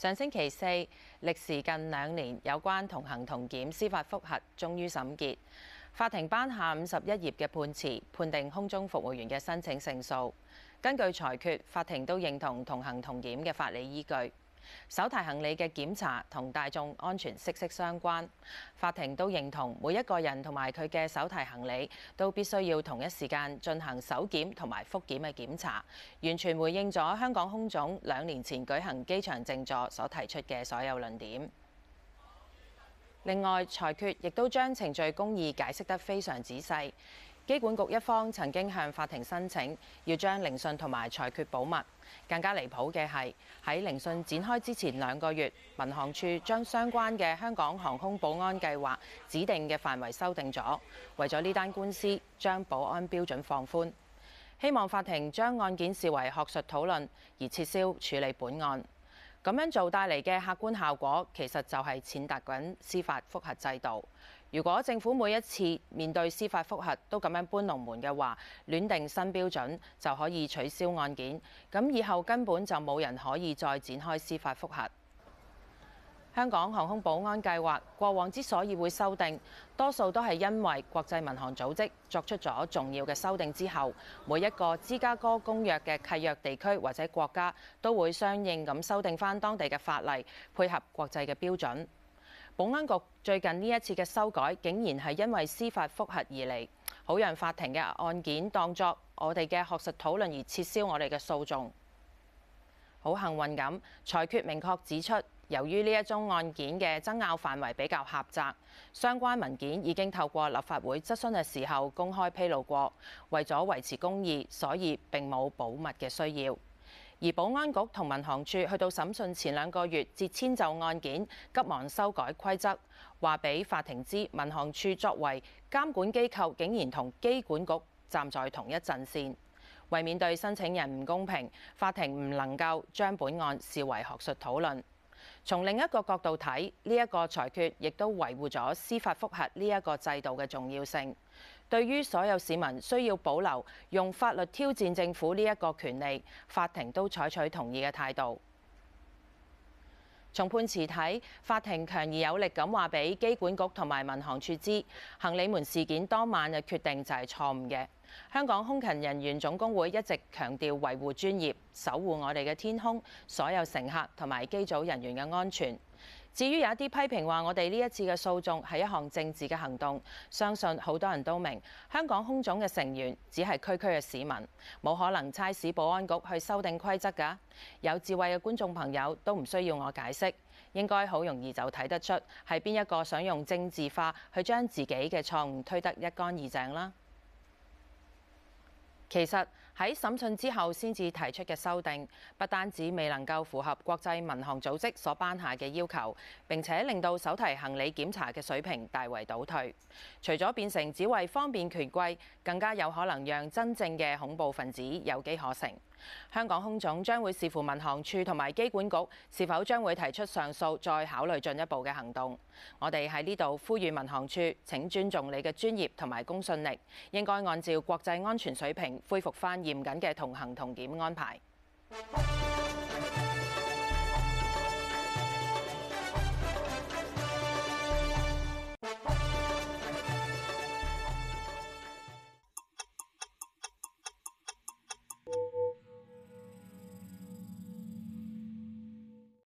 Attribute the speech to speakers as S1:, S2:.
S1: 上星期四，歷時近兩年有關同行同檢司法覆核終於審結，法庭頒下五十一頁嘅判詞，判定空中服務員嘅申請勝訴。根據裁決，法庭都認同同行同檢嘅法理依據。手提行李嘅檢查同大眾安全息息相關，法庭都認同每一個人同埋佢嘅手提行李都必須要同一時間進行手檢同埋覆檢嘅檢查，完全回應咗香港空總兩年前舉行機場靜坐所提出嘅所有論點。另外，裁決亦都將程序公義解釋得非常仔細。機管局一方曾經向法庭申請要將聆訊同埋裁決保密。更加離譜嘅係，喺聆訊展開之前兩個月，民航處將相關嘅香港航空保安計劃指定嘅範圍修訂咗，為咗呢單官司，將保安標準放寬，希望法庭將案件視為學術討論，而撤銷處理本案。咁樣做帶嚟嘅客觀效果，其實就係踐踏緊司法覆核制度。如果政府每一次面對司法覆核都咁樣搬龍門嘅話，亂定新標準就可以取消案件，咁以後根本就冇人可以再展開司法覆核。香港航空保安計劃過往之所以會修訂，多數都係因為國際民航組織作出咗重要嘅修訂之後，每一個芝加哥公約嘅契約地區或者國家都會相應咁修訂返當地嘅法例，配合國際嘅標準。保安局最近呢一次嘅修改，竟然係因為司法覆核而嚟，好讓法庭嘅案件當作我哋嘅學術討論而撤銷我哋嘅訴訟。好幸運咁，裁決明確指出。由於呢一宗案件嘅爭拗範圍比較狹窄，相關文件已經透過立法會質詢嘅時候公開披露過，為咗維持公義，所以並冇保密嘅需要。而保安局同民航處去到審訊前兩個月，接遷就案件，急忙修改規則，話俾法庭知，民航處作為監管機構，竟然同機管局站在同一陣線，為免對申請人唔公平，法庭唔能夠將本案視為學術討論。從另一個角度睇，呢一個裁決亦都維護咗司法覆核呢一個制度嘅重要性。對於所有市民需要保留用法律挑戰政府呢一個權利，法庭都採取同意嘅態度。從判詞睇，法庭強而有力咁話俾機管局同埋民航處知，行李門事件當晚嘅決定就係錯誤嘅。香港空勤人員總工會一直強調維護專業，守護我哋嘅天空，所有乘客同埋機組人員嘅安全。至於有一啲批評話我哋呢一次嘅訴訟係一項政治嘅行動，相信好多人都明。香港空總嘅成員只係區區嘅市民，冇可能差使保安局去修訂規則㗎。有智慧嘅觀眾朋友都唔需要我解釋，應該好容易就睇得出係邊一個想用政治化去將自己嘅錯誤推得一乾二淨啦。其實喺審訊之後先至提出嘅修訂，不單止未能夠符合國際民航組織所頒下嘅要求，並且令到手提行李檢查嘅水平大為倒退。除咗變成只為方便權貴，更加有可能讓真正嘅恐怖分子有機可乘。香港空總將會視乎民航處同埋機管局是否將會提出上訴，再考慮進一步嘅行動。我哋喺呢度呼籲民航處，請尊重你嘅專業同埋公信力，應該按照國際安全水平恢復翻嚴謹嘅同行同檢安排。